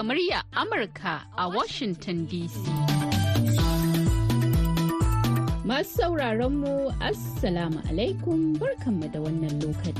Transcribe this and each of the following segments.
daga murya Amurka a Washington DC. Masu sauraron mu Assalamu alaikum barkanmu da wannan lokacin.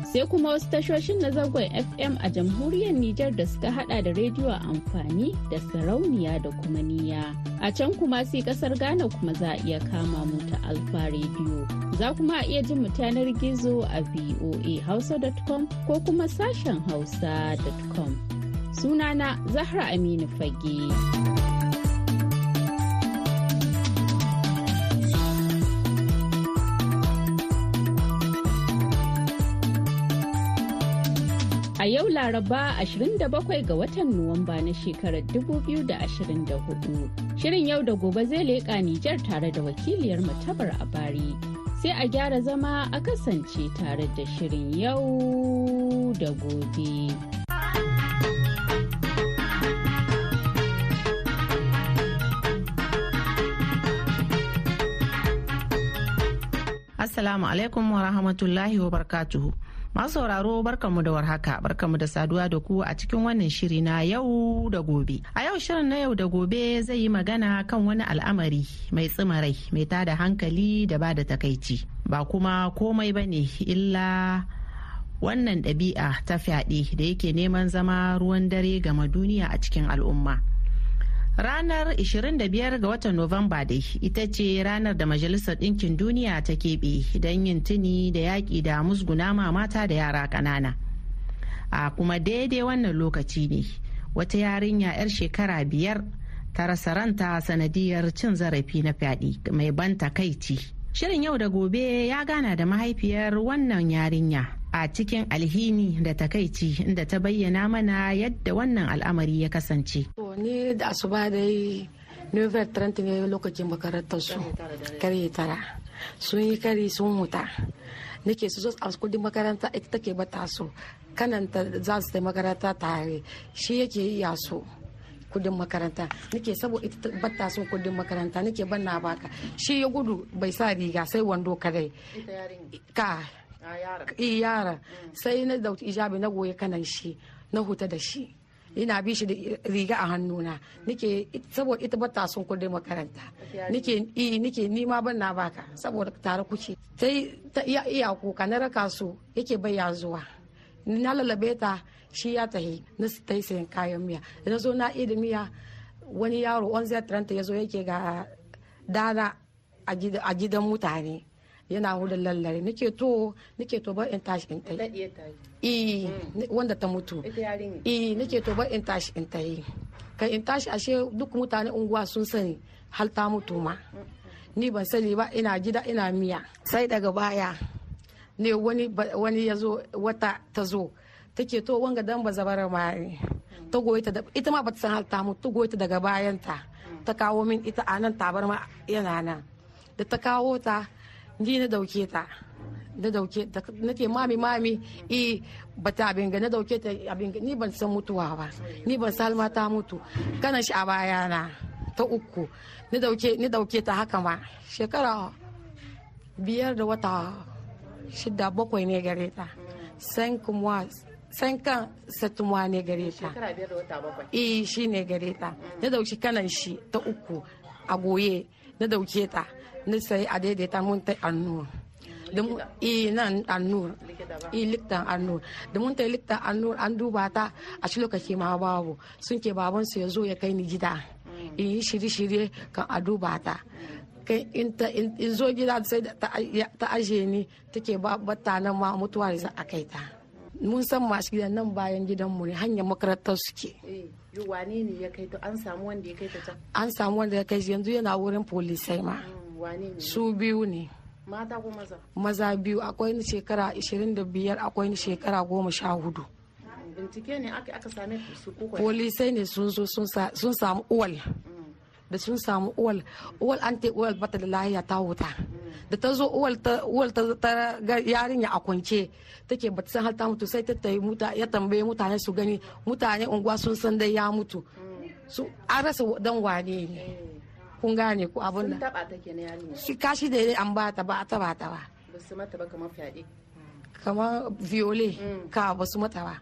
sai kuma wasu tashoshin na zagon fm a jamhuriyar nijar da suka hada da rediyo amfani da sarauniya da kuma niya a can kuma sai kasar ghana kuma za a iya kama mu ta alfa rediyo za kuma a iya jin mu gizo a voahausa.com ko kuma sashen hausa.com sunana zahra aminu fage. a yau Laraba 27 ga watan Nuwamba na shekarar 2024. Shirin yau da gobe zai leƙa Nijar tare da wakiliyar matabar a bari. Sai a gyara zama a kasance tare da shirin yau da gobe. Assalamu alaikum wa rahmatullahi wa barakatuhu. Masu sauraro barkanmu da warhaka, barkanmu da saduwa da ku a cikin wannan shiri na yau da gobe. A yau shirin na yau da gobe zai yi magana kan wani al'amari mai tsimarai, mai tada hankali da ba da takaici. Ba kuma komai bane illa wannan ɗabi'a ta fyaɗe da yake neman zama ruwan dare gama duniya a cikin al'umma. Ranar 25 ga watan Nuwamba dai ita ce ranar da Majalisar Dinkin Duniya ta keɓe don yin tuni da yaƙi da musguna mata da yara ƙanana. A kuma daidai wannan lokaci ne wata yarinya 'yar shekara biyar ta rasa ranta sanadiyar cin zarafi na fyaɗe mai ban takaici. Shirin yau da gobe ya gana da mahaifiyar wannan yarinya a cikin alhini da takaici inda ta bayyana mana yadda wannan al'amari ya kasance. ni da asuba dai novel 30 ne lokacin makarantar su karye tara sun yi kari sun huta nake su zo a kudin makaranta ita take bata su kananta za su makaranta tare shi yake iya so kudin makaranta nake sabo ita batta son kudin makaranta nake banna baka shi ya gudu bai sa riga sai wando kadai ka eh yara sai na dauki ijabi na goyi kanan shi na huta da shi ina bi shi da riga a hannuna nike saboda ita bata sun kudin makaranta nike i eh, nike ni ma ban na baka saboda tare kuke sai ta iya iya kuka na raka su yake bayya zuwa na lalabe ta shi ya tahi na ta yi sayan kayan miya na zo na idi miya wani yaro on zai ya zo yake ga dada a gidan mutane yana wurin lallare nake to nake to bar in tashi in tai eh mm. wanda ta mutu eh nake to bar in tashi in tai kai in tashi ashe duk mutane unguwa sun sani hal ta mutu ma ni ban sani ba ina gida ina miya sai daga baya ne wani wani yazo wata ta zo take to wanga dan bazabara ma mm. ta goyi ta ita ma bata san hal ta mutu ta goyi ta daga bayanta mm. ta kawo min ita anan tabarma yana nan da ta kawo ta ni na dauke ta na dauke ta na ce mami mami eh bata abin ga na dauke ta abinga ni ban san mutuwa ba ni ban san ma ta mutu kana shi a na ta uku ni dauke ni dauke ta haka ma shekara biyar da wata shida bakwai ne gare ta san kuma san kan satuma ne gare ta eh shi ne gare ta na dauki kanan shi ta uku a goye na dauke ta na sayi a ta mun ta annur da mu nan annur i liktan annur da mun ta liktan annur an duba ta a shi lokaci ma babu sun ke babansu ya zo ya kai ni gida mm. in yi shirye-shirye kan a duba ta in zo gida sai ta aje ni take batta nan ma mutuwa za a kai ta mun san masu gidan nan bayan mu ne hanyar makarantar suke eh, wane ne ya kai an samu wanda ya kai ta an samu wanda ya kai yanzu yana wurin polisai ma mm. su biyu ne mata ko maza maza biyu akwai ni shekara 25 akwai ni shekara 14 bincike ne aka same su kuka polisai ne sun zo sun samu uwal da sun samu uwal uwal an te uwal bata da lahiya ta wuta da ta zo uwal ta uwal ta ga yarinya a kwance take ta san har ta mutu sai ta tayi muta ya tambaye mutane su gani mutane unguwa sun san dai ya mutu su an rasa dan wane ne kun gane ku abun nan taba ta kenan yarinya shi kashi da an ba ta ba ta ba ta ba ba su mata ba kamar fyaɗe kamar viole mm. ka ba su mata ba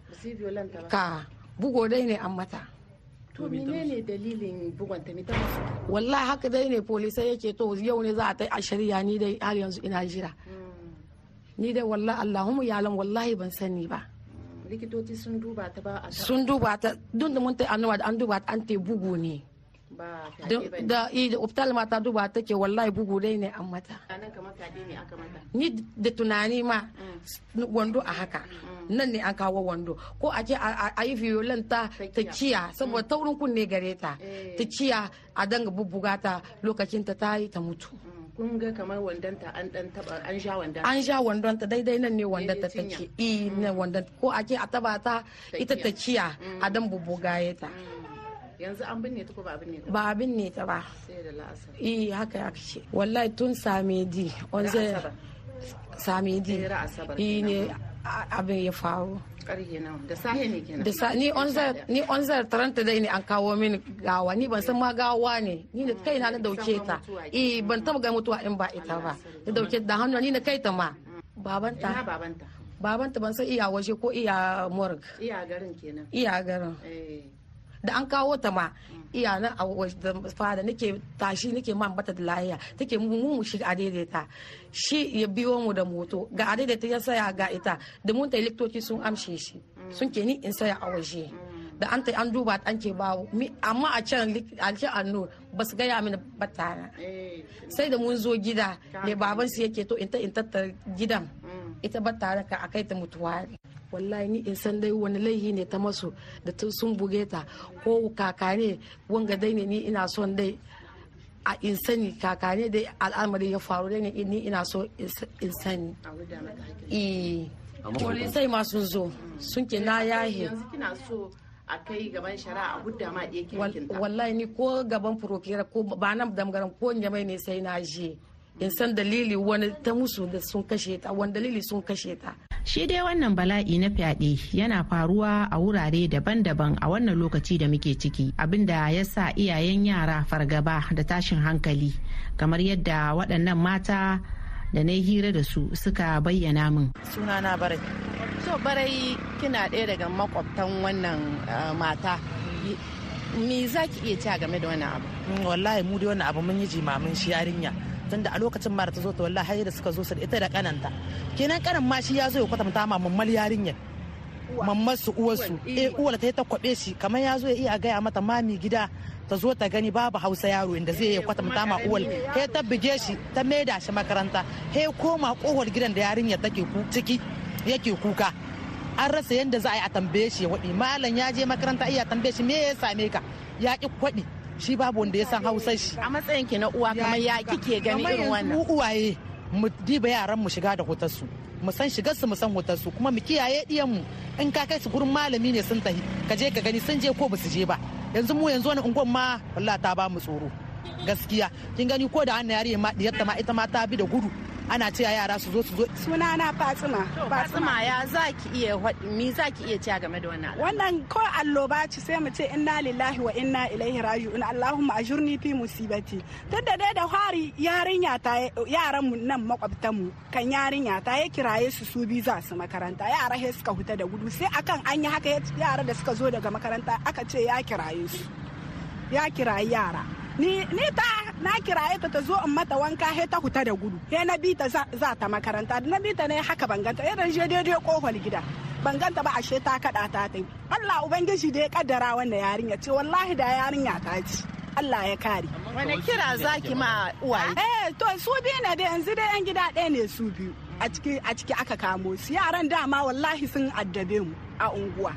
ka bugo dai ne an mata to menene dalilin bugon ta mita wallahi haka dai ne polisai yake to yau ne za a ta a shari'a ni dai har yanzu ina jira mm. ni dai wallahi Allahumma ya lam wallahi ban sani ba likitoci sun duba ta ba sun duba ta dun da mun ta annuwa da an duba ta an te bugu ne da optal mata duba take wallahi bugu dai ne an mata ni da tunani ma mm. wando a haka mm. nan ne an kawo wando ko a ce a yi violenta ta ciya saboda mm. taurin kunne gare ta eh. ta ciya a danga bubbuga ta lokacin ta yi ta mutu kun ga kamar wandonta an dan taba an sha wandonta an sha wandonta daidai nan ne ta take i ne wandonta ko a ce a taba ta ita ta ciya a dan bubbuga ta yanzu an binne ta ko ba binne ta ba binne ta ba sai da la'asar eh haka ya kace wallahi tun same di onze same di eh, eh ne abin ya faru da sahi ne ni onzar zai taranta dai ne an kawo mini gawa ni ban san ma gawa ne ni da mm, kai na dauke ta eh ban taba ga mutuwa in ba ita ba da dauke da hannu ni na kai ta ma mm. babanta babanta ban san iya waje ko iya morg iya garin kenan iya garin eh da an kawo ta ma iya na a fada nake tashi nake ma bata da lahiya take mu mu shi a daidaita shi ya biyo mu da moto ga a daidaita ya saya ga ita da mun ta liktoci sun amshe shi sun ke ni in saya a waje da an ta an duba an ke bawo amma a can a a annu ba su gaya mini batana sai da mun zo gida ne baban su yake to in ta in tattara gidan mm. ita batana ka akai ta mutuwa wallahi ni in san dai wani laihi ne ta masu da sun buge ta ko ne wanga dai ne ni ina son dai a in sani kaka ne dai al'amari ya faru dai ne ni ina so in sani eh, sai ma sun zo sun ke na yahe a kai gaban shari'a a ma ɗaya kirkinta wallahi ni ko gaban furokira ko ba nan damgaran ko nyamai ne sai na je in san dalili wani ta musu da sun kashe ta wani dalili sun kashe ta Shi dai wannan bala'i na fyaɗe yana faruwa a wurare daban-daban a wannan lokaci da muke ciki abinda ya sa iyayen yara fargaba da tashin hankali kamar yadda waɗannan mata da na hira da su suka bayyana min. Sunana barai. So barai kina ɗaya daga makwabtan wannan eh, mata. Me za ki iya ci game da wannan abu? Mm, wallahi mu dai wannan abu mun yi jimamin shi yarinya. tunda a lokacin mara ta zo ta wallahi da suka zo su ita da kananta kenan kanan ma shi ya zo ya kwatanta ma mammal yarinyar mamman su uwarsu eh, eh uwar ta ta kwabe shi kamar ya zo ya iya gaya mata mami gida ta zo ta gani babu hausa yaro inda zai yi eh, kwatanta ma uwar he ta bige shi ta maida shi makaranta he koma kohar gidan da yarinyar take ciki yake kuka an rasa yadda za a yi a tambaye shi ya waɗi malam ya je makaranta iya tambaye shi me ya same ka ya ki kwaɗi shi babu wanda ya san hausa shi a matsayin ki na uwa kamar ya kike gani irin wannan mu uwaye mu diba yaran mu shiga da hotar su mu san shigar su mu san hotar su kuma mu kiyaye diyan mu in ka kai su gurin malami ne sun tahi ka je ka gani sun je ko basu je ba yanzu mu yanzu wani ungon ma wallahi ta ba mu tsoro gaskiya kin gani ko da hannu yariya ma diyar ta ma ita ma ta bi da gudu ana cewa yara su zo su zo sunana fatsima fatsima ya zaki iya mi zaki iya cewa game da wannan wannan ko alloba ci sai mu ce inna lillahi wa inna ilaihi raji'un allahumma ajurni fi musibati tun da dai da hari yarinya ta yaran mu nan makwabtan mu kan yarinya ta ya kiraye su su bi za su makaranta yara he suka huta da gudu sai akan an yi haka yara da suka zo daga makaranta aka ce ya kiraye su ya kiraye yara ni ni ta na kiraye ta ta zo in mata wanka he ta huta da gudu he na bi ta za ta makaranta na bi ta ne haka banganta irin je daidai kofar gida banganta ba ashe ta kada ta ta Allah ubangiji da ya kaddara wannan yarinya ce wallahi da yarinya ta ci Allah ya kare wani kira zaki ma uwaye eh to su biyu ne da yanzu da yan gida ɗaya ne su biyu a ciki aka kamo su yaran dama wallahi sun addabe mu a unguwa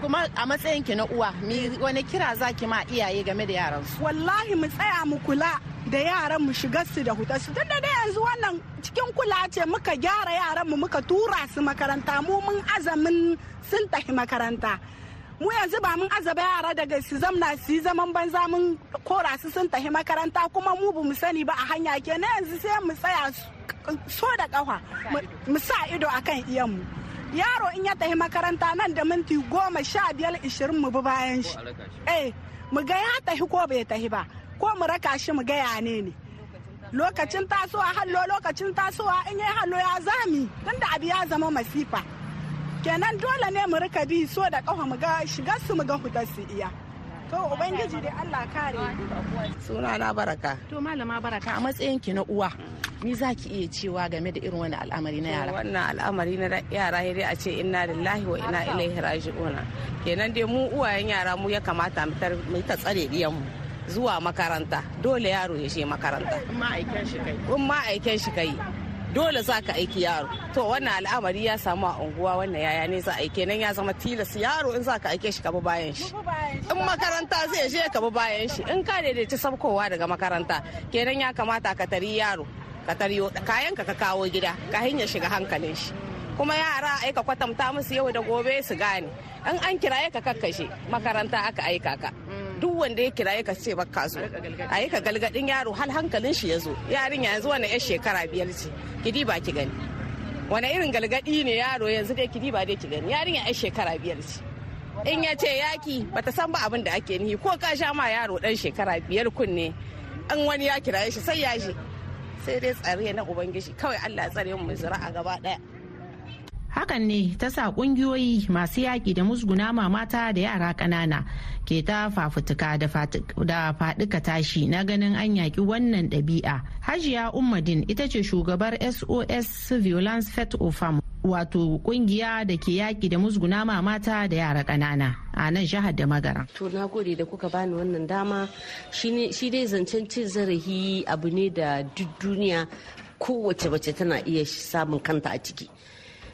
kuma a matsayin ki na uwa wani kira za ki ma iyaye game da yaran su wallahi mu tsaya mu kula da yaran mu shiga su da huta su tunda dai yanzu wannan cikin kula ce muka gyara yaran mu muka tura su makaranta mu mun azamin sun tafi makaranta mu yanzu ba mun azaba yara daga su zamna su yi zaman banza mun kora su sun tafi makaranta kuma mu ba sani ba a hanya ke na yanzu sai mu tsaya so da kafa mu sa ido akan mu. yaro in ya tafi makaranta nan da minti goma sha biyar ishirin mu bi bayan shi eh mu ga ya tafi ko bai tafi ba ko mu raka shi mu ga ya ne ne lokacin tasowa hallo lokacin tasowa in yi hallo ya zami tunda abu ya zama masifa kenan dole ne mu rika bi so da kafa mu ga shigar su mu ga hutar su iya To Ubangiji dai Allah kare. Suna na baraka. To malama baraka a matsayin ki na uwa. Ni za ki iya cewa game da irin wani al'amari na yara. Wannan al'amari na yara dai a ce inna lillahi wa inna ilaihi raji'un. Kenan dai mu uwayen yara mu ya kamata mu ta tsare mu. zuwa makaranta dole yaro ya je makaranta. ma aiken shi kai. In ma'aiken shi kai. dole za ka aiki yaro to wannan al'amari ya samu a unguwa wannan yaya ne za a aike nan ya zama tilas yaro in za ka aike shi ka bi bayan shi in makaranta zai je ka bi bayan shi in ka daidaita sabkowa daga makaranta kenan ya kamata ka tari yaro ka tariyo kayan ka kawo gida ka hanya shiga hankalin shi kuma yara a aika kwatanta musu yau da gobe su gane in an kiraye ka kakkashe makaranta aka aika ka duk wanda ya kira ka ce baka zo a yi ka galgadin yaro hal hankalin shi ya zo yarin yanzu wani yar shekara biyar ce kidi ba ki gani wani irin galgadi ne yaro yanzu dai kidi ba dai ki gani yarin yar shekara biyar ce in ya ce yaki bata san ba abin da ake nihi ko ka sha ma yaro dan shekara biyar kunne an wani ya kira shi sai ya je sai dai tsare na ubangiji kawai Allah tsare mu zira a gaba daya hakan ne ta sa kungiyoyi masu yaƙi da musguna ma mata da yara kanana ke ta fafutuka da faɗuka tashi na ganin an yaƙi wannan ɗabi'a hajiya ummadin ita ce shugabar sos violence fet ofam wato kungiya da ke yaƙi da musguna ma mata da yara ƙanana a nan jihar da magara. To na gode da kuka bani wannan dama shi dai zancen cin zarafi abu ne da duk duniya kowace mace tana iya samun kanta a ciki.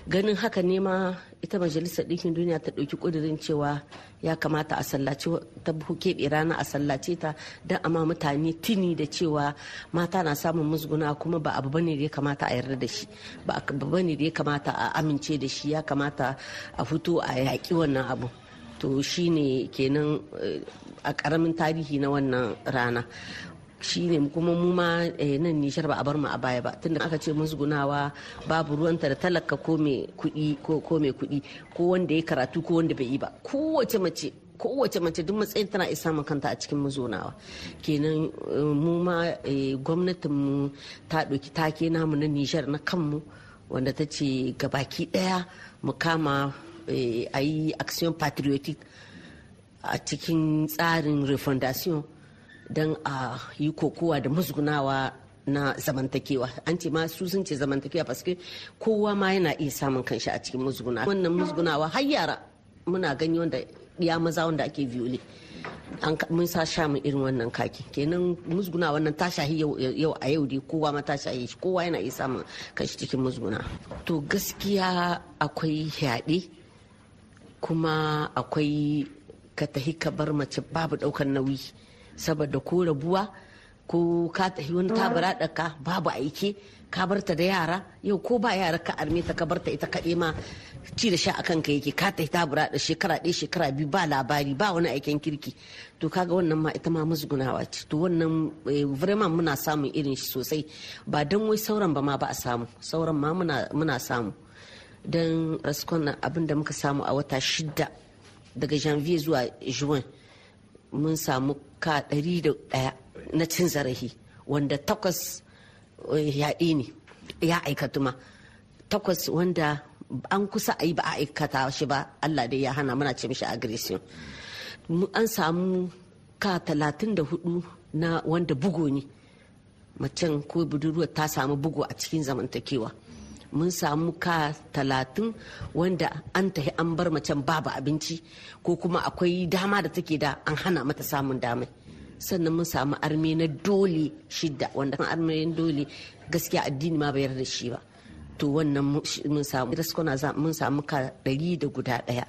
ganin haka ne ma ita majalisar ɗinkin duniya ta ɗauki ƙudurin cewa ya kamata a sallace ta keɓe rana a sallace ta don amma mutane tuni da cewa mata na samun musguna kuma ba abu bane da ya kamata a yarda da shi ba abu bane da ya kamata a amince da shi ya kamata a fito a yaƙi wannan abu to shine kenan eh, a ƙaramin tarihi na wannan rana shine kuma mu ma eh, nan nishar ba a bar mu a baya ba tunda aka ce musgunawa babu ruwanta da talaka ko mai kuɗi ko mai kuɗi ko wanda ya karatu ko wanda bai yi ba kowace mace kowace mace duk matsayin tana isa kanta a cikin mazonawa kenan eh, mu ma eh, gwamnatin mu ta ɗauki take namu na nishar na kanmu wanda ta ce gabaki ɗaya mu kama a yi action patriotic a cikin tsarin refondation don a yi kokowa da musgunawa na zamantakewa an ce ma su sun ce zamantakewa paske kowa ma yana iya samun kanshi a cikin musguna wannan musgunawa har yara muna gani wanda ya maza wanda ake viole mun sa sha mu irin wannan kaki kenan musguna wannan ta shahi yau a yau dai kowa ma ta shahi shi kowa yana iya samun kanshi cikin musguna to gaskiya akwai yaɗe kuma akwai ka tahi ka bar mace babu ɗaukar nauyi saboda ko rabuwa ko ka tafi wani tabara ɗaka babu aiki ka barta da yara yau ko ba yara ka arme ta ka barta ita kaɗai ma ci da sha akan ka yake ka tafi tabara da shekara ɗaya shekara biyu ba labari ba wani aikin kirki to kaga wannan ma ita ma musgunawa ce to wannan eh, vraiment muna samun irin shi sosai ba dan wai sauran ba ma ba a samu sauran ma muna samu don raskon abin da muka samu a wata shida daga janvier zuwa juin mun samu ka ɗari da ɗaya na cin zarafi wanda takwas eh, yaɗi ne ya aikatu ma takwas wanda an kusa a yi ba a aikata shi ba allah dai ya hana muna ce mishi agresion an samu ka talatin da hudu na wanda bugu ne macen ko budurwa ta samu bugu a cikin zamantakewa mun samu ka talatin wanda an tahi an bar macen babu abinci ko kuma akwai dama da take da an hana mata samun damai sannan mun samu arme na dole shidda wanda kan arme dole gaskiya addini ma bayar da shi ba to wannan mun samu raskona mun samu ka ɗari da guda ɗaya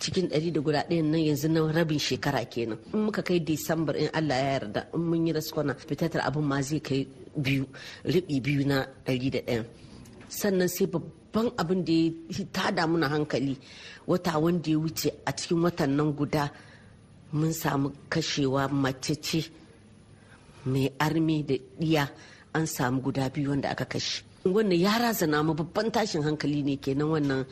cikin ɗari da guda ɗayan nan yanzu na rabin shekara kenan in muka kai disambar in allah ya yarda in mun yi raskona fitattar abin ma zai kai biyu riɓi biyu na ɗari da ɗayan sannan sai babban abin da ya tada na hankali wata wanda ya wuce a cikin watan nan guda mun samu kashewa macece ce mai armi da ɗiya an samu guda biyu wanda aka kashe wannan ya razana mu babban tashin hankali ne kenan wannan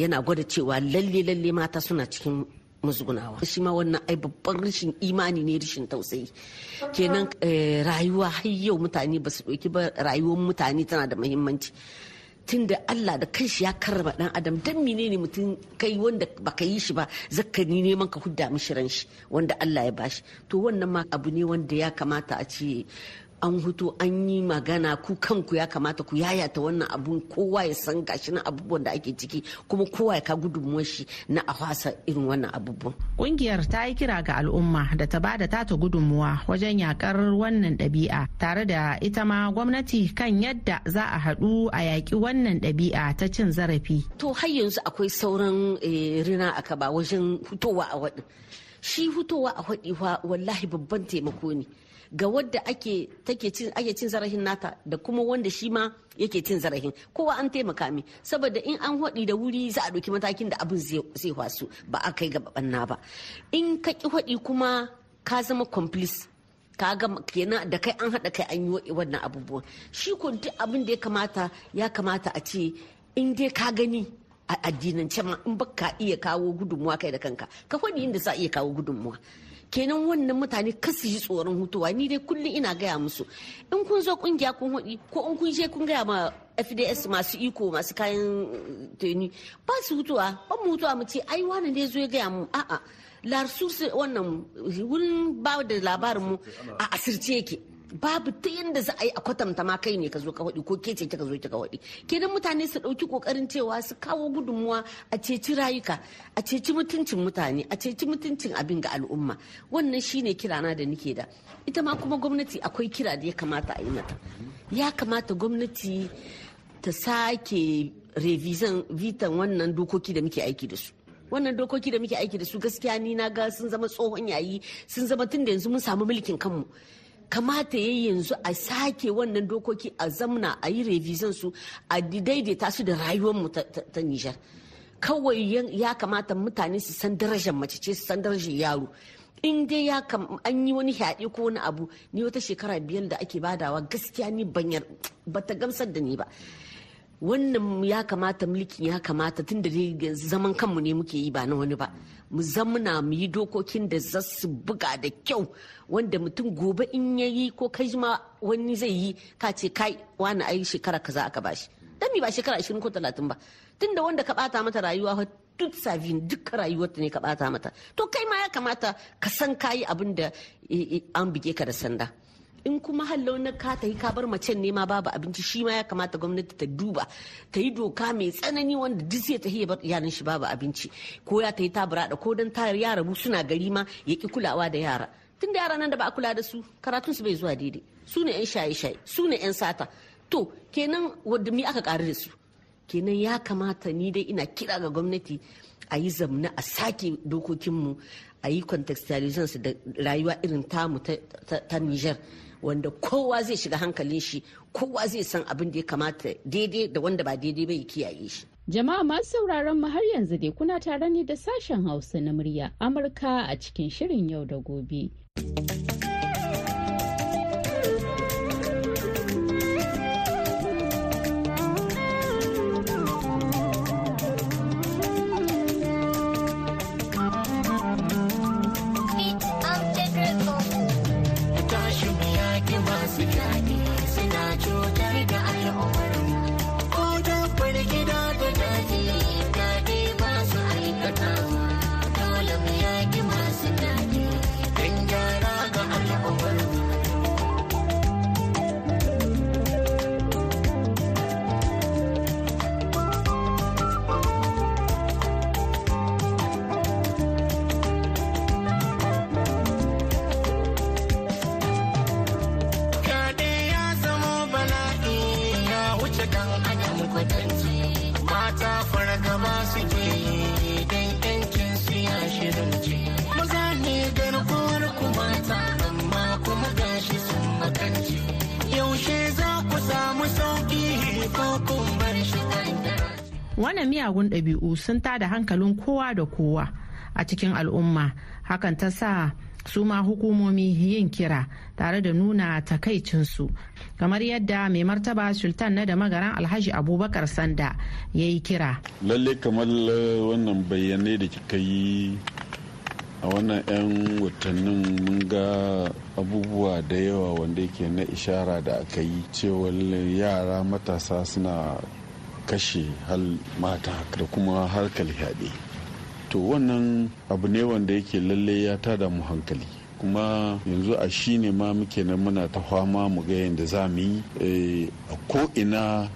yana gwada cewa lalle lalle mata suna cikin musgunawa shi ma wannan ai babban rashin imani ne rashin tausayi kenan eh, rayuwa har yau mutane ba su ɗauki ba rayuwar mutane tana da muhimmanci tun da Allah da kanshi ya karrama dan adam dan menene mutum kai wanda baka yi shi ba zakka ni neman ka hudda mishi ran shi wanda Allah ya bashi to wannan ma abu ne wanda ya kamata a ce an hutu an yi magana ku kanku ya kamata ku yayata wannan abun kowa ya san gashi na abubuwan da ake ciki kuma kowa ya ka gudunmuwar shi na a fasa irin wannan abubuwan. Kungiyar ta yi kira ga al'umma da ta bada tata gudunmuwa wajen yakar wannan ɗabi'a tare da ita ma gwamnati kan yadda za a haɗu a yaƙi wannan ɗabi'a ta cin zarafi. To har yanzu akwai sauran eh, rina a kaba wajen hutowa a waɗin. Shi hutowa a waɗi wallahi babban taimako ne. ga wadda ake cin ake zarafin nata da kuma wanda shi ma yake cin zarafin kowa an taimaka mi saboda in an hodi da wuri za a ɗauki matakin da abin zai wasu ba a kai ga banna ba in ka ki hodi kuma ka zama complice ka ga kenan da kai an haɗa kai an yi wannan abubuwan shi ko duk abin da ya kamata ya kamata a ce in dai ka gani a addinance ma in baka iya kawo gudunmuwa kai da kanka ka faɗi inda za a iya kawo gudunmuwa kenan wannan mutane kasu yi tsoron hutuwa ni dai kullum ina gaya musu in kun zo kungiya kun hudi ko in kun je kun gaya ma fds masu iko masu kayan eh, teni ba su hutuwa ba mu hutuwa mu ce ai wani ne zo ya gaya mu a'a larsu wannan wurin ba da labarin mu a asirce yake babu ta yanda za a yi a kwatanta ma kai ne ka zo ka waɗi ko ke ce kika zo kika waɗi kenan mutane su ɗauki ƙoƙarin cewa su kawo gudunmuwa a ceci rayuka a ceci mutuncin mutane a ceci mutuncin abin ga al'umma wannan shine kirana da nike da ita ma kuma gwamnati akwai kira da ya kamata a yi mata ya kamata gwamnati ta sake revision vitan wannan dokoki da muke aiki da su wannan dokoki da muke aiki da su gaskiya ni na ga sun zama tsohon yayi sun zama tun da yanzu mun samu mulkin kanmu kamata ya yanzu a sake wannan dokoki a zamna a yi revision su a daidaita su da rayuwar mu ta Nijar kawai ya kamata mutane su san darajar mace ce su san darajar yaro in dai ya kam an yi wani yaɗe ko wani abu ni wata shekara biyar da ake badawa gaskiya ni banyar ta gamsar da ni ba wannan ya kamata mulkin ya kamata tun da zaman kanmu ne muke yi ba na wani ba mu zamuna mu yi dokokin da za su buga da kyau wanda mutum gobe in ya yi ko kai ma wani zai yi ka ce kai wani ai shekara ka aka bashi dan mi ba shekara 20 ko 30 ba tunda wanda ka bata mata rayuwa duk sabin rayuwar rayuwarta ne ka bata mata to kai ma ya kamata ka san kayi abin da eh, eh, an bige ka da sanda in kuma hallau na ka ta yi ka bar macen nema babu abinci shi ma ya kamata gwamnati ta duba ta yi doka mai tsanani wanda duk zai ta iya bar iyalin shi babu abinci ko ya ta yi ta da ko dan ta yara bu suna gari ma ya ki kulawa da yara tun da yara nan da ba a kula da su karatun su bai zuwa daidai su ne yan shaye shaye su ne yan sata to kenan wadda mi aka karu da su kenan ya kamata ni dai ina kira ga gwamnati a yi zamna a sake dokokinmu a yi contextualization da rayuwa irin tamu ta Niger. wanda kowa zai shiga hankalin shi kowa zai san abin da ya kamata daidai da wanda ba daidai bai ya kiyaye shi Jama'a masu sauraron mu har yanzu dai kuna tare ne da sashen Hausa na murya Amurka a cikin shirin yau da gobe. wannan miyagun ɗabi'u sun ta da hankalin kowa da kowa a cikin al'umma hakan ta sa su ma hukumomi yin kira tare da nuna takaicinsu kamar yadda mai martaba sultan na da magaran alhaji abubakar sanda ya yi kira lalle kamar eh, wannan bayanai da kika yi a wannan 'yan watannin mun ga abubuwa da yawa wanda yake na ishara da aka yi cewa yara matasa suna kashe hal mata da kuma harkar yaɗe to wannan abu ne wanda yake lalle ya tada mu hankali kuma yanzu a shi ne ma muke nan muna ta fama mu ga yadda za mu yi eh, a ko'ina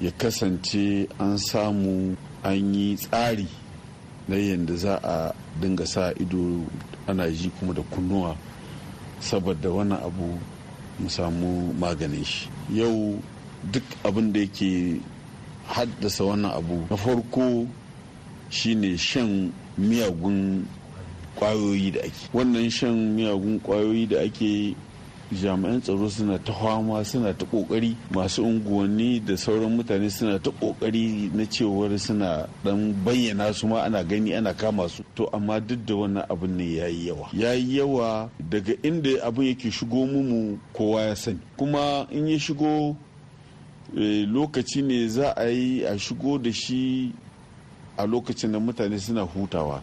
ya kasance an samu an yi tsari na yadda za a dinga sa ido ana ji kuma da kunnuwa saboda wannan abu mu samu maganin shi yau duk abin da yake haddasa wannan abu na farko shine shan miyagun kwayoyi da ake wannan shan miyagun kwayoyi da ake jami'an tsaro suna ta fama suna ta kokari masu unguwanni da sauran mutane suna ta kokari na cewar suna dan bayyana su ma ana gani ana kama su to amma duk da wannan abin ne ya yi yawa ya yi yawa daga inda abin yake shigo mumu kowa ya sani kuma in ya shigo Eh, lokaci ne za a yi a shigo da shi a lokacin da mutane suna hutawa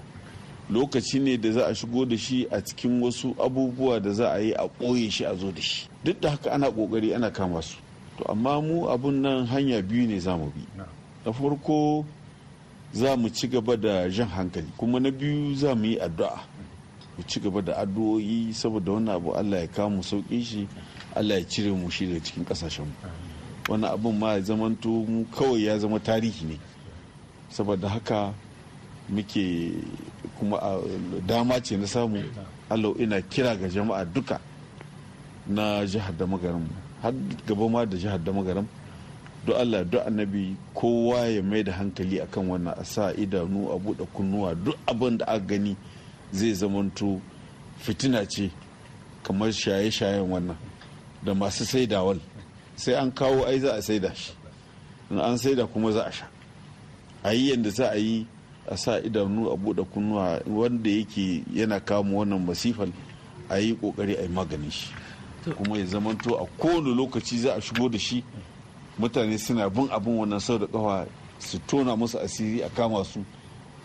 lokaci ne da za a shigo da shi a cikin wasu abubuwa da za a yi a ɓoye shi a zo da shi duk da haka ana ƙoƙari ana kama su to amma mu abun nan hanya biyu ne za mu bi na farko za mu ci gaba da jan hankali kuma na biyu za mu yi addu'a mu ci gaba da addu'o'i saboda wannan abu allah ya kama mu sauƙin shi allah ya cire mu shi daga cikin kasashen mu wani abin ma ya zamanto mu kawai ya zama tarihi ne saboda haka muke kuma ah, dama ce na samu allo ina kira ga jama'a duka na jihar da magaram har gaba ma da jihar da magaram don allah duk annabi kowa ya mai da hankali akan wannan a sa idanu a buɗe kunnuwa duk abin da aka gani zai zamanto fitina ce kamar shaye-shayen wannan da masu sai dawal. sai an kawo ai za a sai da shi in an saida kuma za a sha a yi yadda za a yi a sa idanu a buɗe kunnuwa wanda yake yana kama wannan masifan a yi ƙoƙari a yi maganin shi kuma ya zamanto a kowane lokaci za a shigo da shi mutane suna bin abin wannan sau da kawa su tona musu asiri a kama su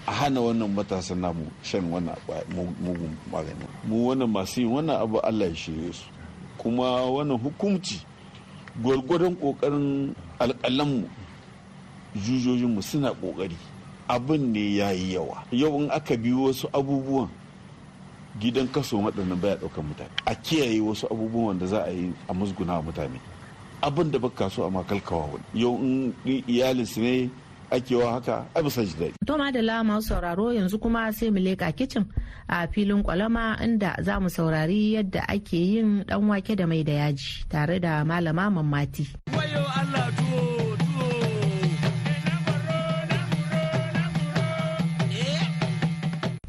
a hana wannan matasan namu shan wannan mugun magani mu wannan masu yin wannan abu allah ya shirye su kuma wannan hukumci gwargwadon kokarin alkalanmu jujojinmu suna ƙoƙari abin ne ya yi yawa yau in aka bi wasu abubuwan gidan kaso maɗanin baya ɗaukar mutane a kiyaye wasu abubuwan da za a yi a musguna mutane abin da baka so a makalkawa wani yau in iyalinsu ne akewa haka a bisa shi dai. Toma da lama sauraro yanzu kuma sai mu leka kicin a filin kwalama inda za mu saurari yadda ake yin dan wake da mai da yaji tare da malama mammati.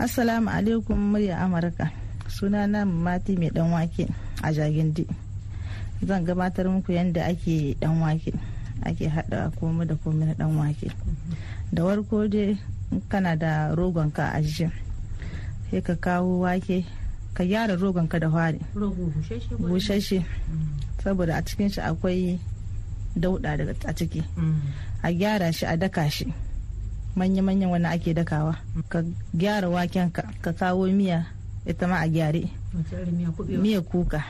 Assalamu alaikum murya Amurka. suna Sunana Mati mai dan wake a Jagindi. Zan gabatar muku yadda ake dan wake. ake hada komai da komai na dan wake da warko dai kana da rogon ka a jin sai ka kawo wake ka gyara rogon da hwari bushashe saboda a cikin shi akwai dauɗa daga a ciki mm. a gyara shi a daka shi manya-manyan wani ake dakawa ka gyara waken ka kawo miya ita ma a gyare Ah, miya kuka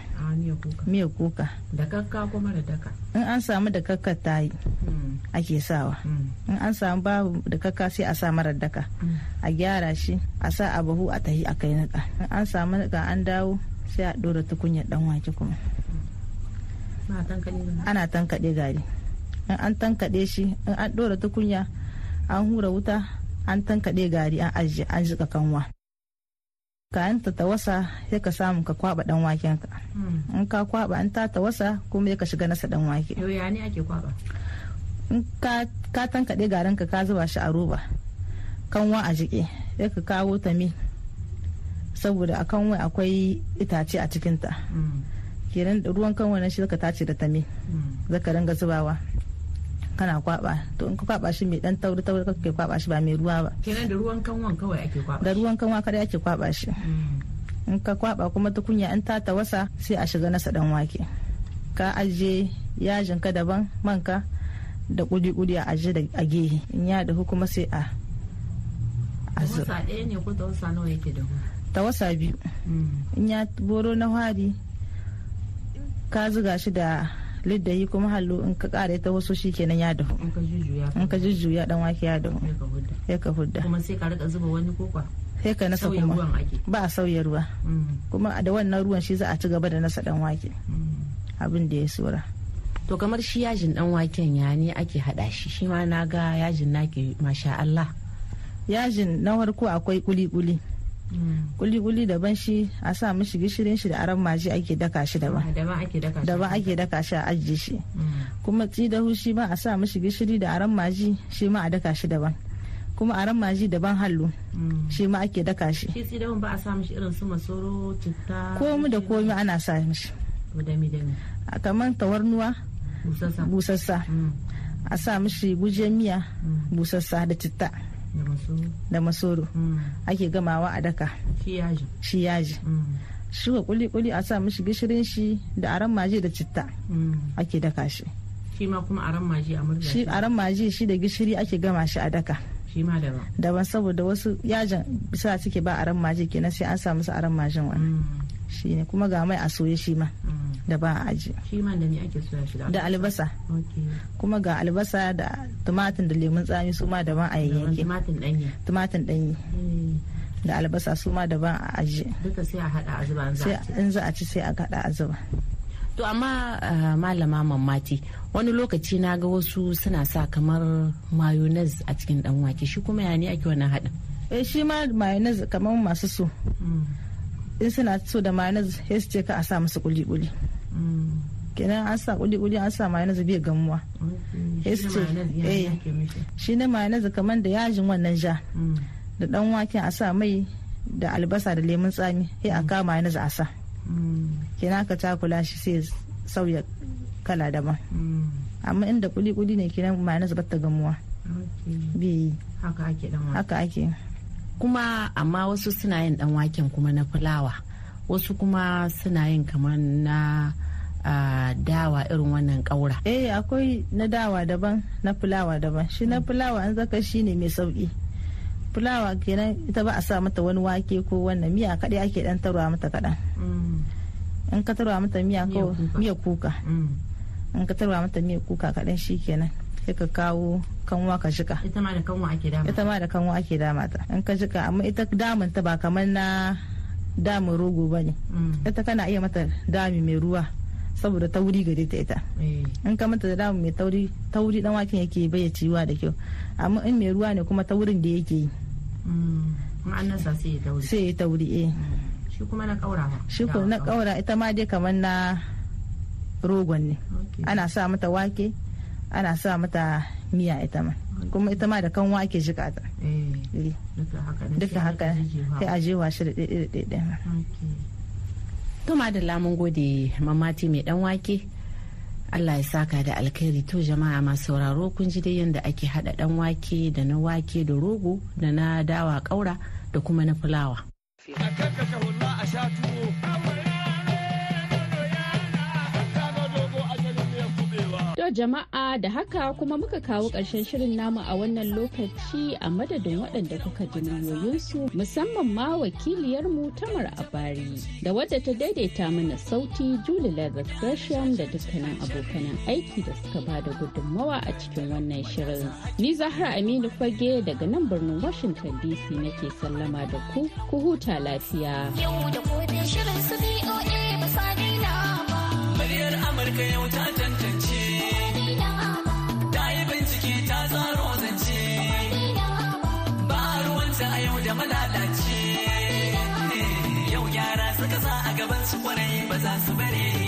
miya kuka da kakka ko mara daka in an samu da kakka ta yi hmm. ake sawa hmm. in an samu babu da kakka sai a sa mara daka hmm. a gyara shi a sa a bahu a tahi a kai nika in an samu ga an dawo sai a dora tukunyar dan wake kuma ana tankaɗe gari in an tankaɗe shi in an dora tukunya an hura wuta an tankaɗe gari an ajiye an jika kanwa kayan ta tawasa sai ka samu ka kwaba dan waken ka hmm. in ka kwaba an ta tawasa kuma sai ka shiga nasa dan wake yau ya ne ake kwaba in ka ka dai garin ka ka zuba shi a roba kanwa a jike sai ka kawo ta mi saboda a kanwa akwai itace a cikin ta hmm. kenan ruwan kanwa na shi zaka tace da ta mi hmm. zaka ringa zubawa kana kwaba to in ka kwaba shi mai dan tauri tauri kake kwaba shi ba mai ruwa ba kenan da ruwan kanwan kawai ake kwaba da ruwan kanwa kada ake kwaba shi mm. in ka kwaba kuma tukunya in ta tawasa sai a shiga nasa dan wake ka aje yajin ka daban manka da kudi-kudi a aje a gehe in ya dahu kuma sai a azur tawasa ɗaya ne ko tawasa nawa yake ta tawasa biyu mm. in ya boro na hari ka zuga shi da lidda yi kuma hallo in ka kare ta wasu shikenan ya dahu in ka jujjuya dan wake ya dahu ya ka hudda kuma sai ka rika zuba wani kokwa sai ka nasa kuma ba a sauya ruwa mm. kuma da wannan ruwan shi za a ci gaba da nasa dan wake mm. abin da ya sura to kamar shi yajin dan waken ya ne ake hada shi shi ma na ga yajin naki masha Allah yajin na farko akwai kuli kuli kuli-kuli daban shi a sa mishi gishirin shi da aran maji ake daka shi daban daban ake daka shi a ajiye shi mm. kuma da hushi ma a sa mishi gishiri da aran maji shi ma a daka shi daban kuma aran maji daban hallu mm. shi ma ake daka shi shi tsidahun ba a sa mishi irin su masoro citta komi da komi ana sa mishi kamar tawarnuwa busassa mm. a sa mishi gujen miya busassa da citta da masoro hmm. ake gamawa a daka shi yaji hmm. shuka kuli-kuli a sa mishi gishirin shi da aran maji da citta hmm. ake daka shi shi ma kuma aran maji a murza shi aran maji shi da gishiri ake gama shi a daka shi ma daban daban saboda wasu yajin bisa suke ba aran maji kenan sai an sa musu aran majin wani shi ne kuma ga mai a soya shi ma mm. da ba a aji da albasa kuma ga albasa da tumatin da lemun tsami su ma daban a yayyanke tumatin danyi eh. da albasa su ma daban a aji duka sai a hada a zuba in za a ci sai a hada a zuba to amma ah, malama mamati wani lokaci na ga wasu suna sa kamar mayonnaise a cikin dan wake shi kuma ya ne ake wannan hadin eh shi ma mayonnaise kamar masu so mm. in suna so da mayonnaise ya su ce ka a sa musu kuli-kuli kenan an sa kuli-kuli an sa mayonnaise bai gamuwa shi ne eh, mayonnaise kamar da yajin wannan ja mm. da dan waken a sa mai da albasa da lemun tsami sai a mm. kama mayonnaise a sa mm. kenan ka takula shi sai sauya kala daban amma inda kuli-kuli ne kenan mayonnaise ba ta gamuwa bai haka ake kuma amma wasu suna yin dan waken kuma na fulawa wasu kuma suna yin kamar na dawa irin wannan kaura eh akwai na dawa daban na fulawa daban shi na fulawa an zaka shi ne mai sauki fulawa kenan ita ba a sa mata wani wake ko wannan miya kadai ake dan tarwa mata kaɗan in ka tarwa mata miya kuka mm. in ka tarwa mata miya kuka kaɗan shi kenan sai ka kawo kanwa ka jika ita ma da kanwa ake dama ita ma da kanwa ake dama ta in ka jika amma ita damun ta ba kamar na damun rogo ba ne. Mm. ita kana iya mata dami mai ruwa saboda tauri gare ta ita eh. in ka mata damun mai tauri tauri dan waken yake bai ciwa da kyau amma in mai ruwa ne kuma taurin da yake yi mm. sai ya tauri sai ya tauri eh mm. shi kuma na kaura shi kuma na kaura ita ma dai kamar na rogon ne ana sa mata wake ana sa mata miya ita ma kuma ita ma da kanwa ake jika ta eh, eh. duka haka sai a jewa shi da ɗaiɗaiɗaiɗai ma da lamun gode mamati mai dan wake Allah ya saka da alkhairi to jama'a masu sauraro kun ji dai yadda ake hada dan wake da na wake da rogo da na dawa kaura da kuma na fulawa. a sha tuwo. To jama'a da haka kuma muka kawo ƙarshen shirin namu a wannan lokaci a madadin waɗanda kuka ji su musamman ma wakiliyarmu Tamar Abari da wadda ta daidaita mana sauti Julie Lazarus da dukkanin abokanan aiki da suka ba da gudunmawa a cikin wannan shirin. Ni Zahra Aminu Fage daga nan birnin Washington DC nake sallama da ku, ku huta lafiya. Yau da casa é souvenir.